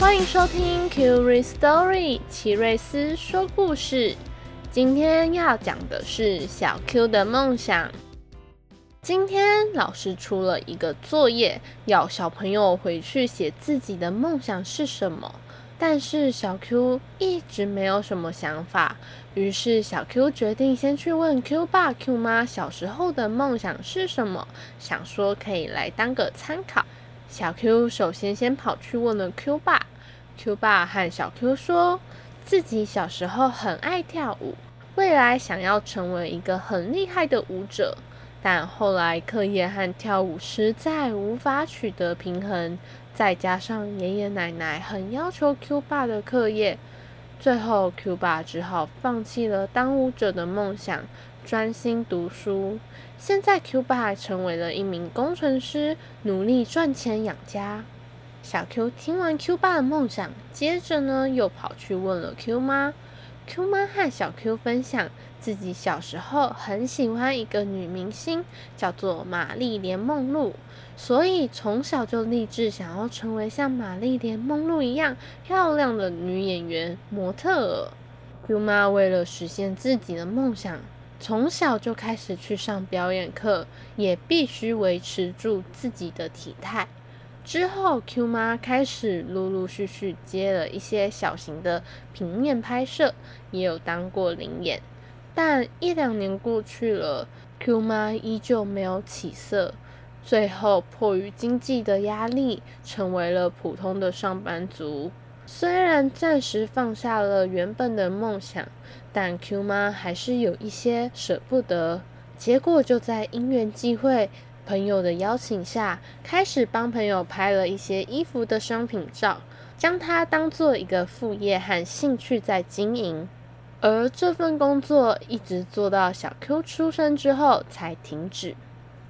歡迎收聽《Curious Story》，奇瑞斯說故事。今天要講的是小 Q 的夢想。今天老師出了一個作業，要小朋友回去寫自己的夢想是什麼。但是小 Q 一直沒有什麼想法，於是小 Q 決定先去問 Q 爸、Q 媽小時候的夢想是什麼，想說可以來當個參考。小 Q 首先先跑去問了 Q 爸。Q 爸和小 Q 說自己小時候很愛跳舞，未來想要成為一個很厲害的舞者，但後來課業和跳舞實在無法取得平衡，再加上爺爺奶奶很要求 Q 爸的課業，最後 Q 爸只好放棄了當舞者的夢想。專心讀書。現在 Q 爸成為了一名工程師，努力賺錢養家。小 Q 聽完 Q 爸的夢想，接着呢又跑去問了 Q 媽。Q 媽和小 Q 分享，自己小時候很喜歡一個女明星，叫做瑪麗蓮夢露，所以從小就立志想要成為像瑪麗蓮夢露一樣漂亮的女演員、模特兒。Q 媽為了實現自己的夢想。從小就開始去上表演課，也必須維持住自己的體態。之後，Q 媽開始陸陸續續接了一些小型的平面拍攝，也有當過臨演。但一兩年過去了，Q 媽依舊沒有起色。最後，迫於經濟的壓力，成為了普通的上班族。雖然暫時放下了原本的夢想。但 Q 媽還是有一些捨不得，結果就在因緣際會、朋友的邀請下，開始幫朋友拍了一些衣服的商品照，將它當做一個副業和興趣在經營。而這份工作一直做到小 Q 出生之後才停止。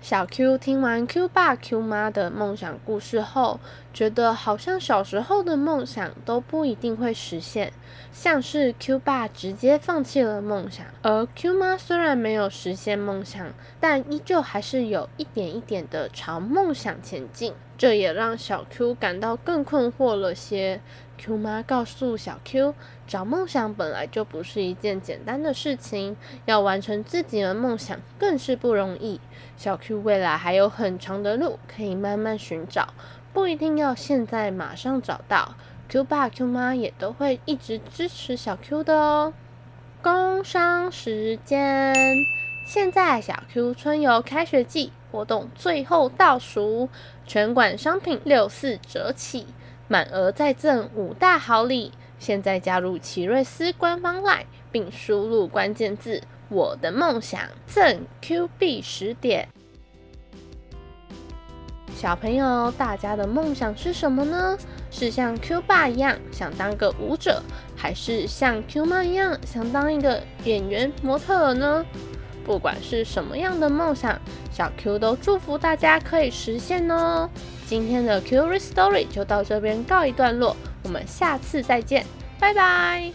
小 Q 聽完 Q 爸、Q 媽的夢想故事後，覺得好像小時候的夢想都不一定會實現。像是 Q 爸直接放棄了夢想，而 Q 媽雖然沒有實現夢想，但依舊還是有一點一點的朝夢想前進。這也讓小 Q 感到更困惑了些。Q 媽告訴小 Q，找夢想本來就不是一件簡單的事情，要完成自己的夢想更是不容易。小 Q 未來還有很長的路可以慢慢尋找，不一定要現在馬上找到。Q 爸、Q 媽也都會一直支持小 Q 的哦。工商時間，現在小 Q 春遊開學季活動最後倒數，全館商品六四折起。滿額再贈五大豪禮！現在加入奇瑞斯官方 Line，並輸入關鍵字“我的夢想”，贈 Q 幣十點。小朋友，大家的夢想是什麼呢？是像 Q 爸一樣想當個舞者，還是像 Q 媽一樣想當一個演員、模特兒呢？不管是什麼樣的夢想，小 Q 都祝福大家可以實現哦。今天的奇瑞斯 Story 就到這邊告一段落，我們下次再見，拜拜。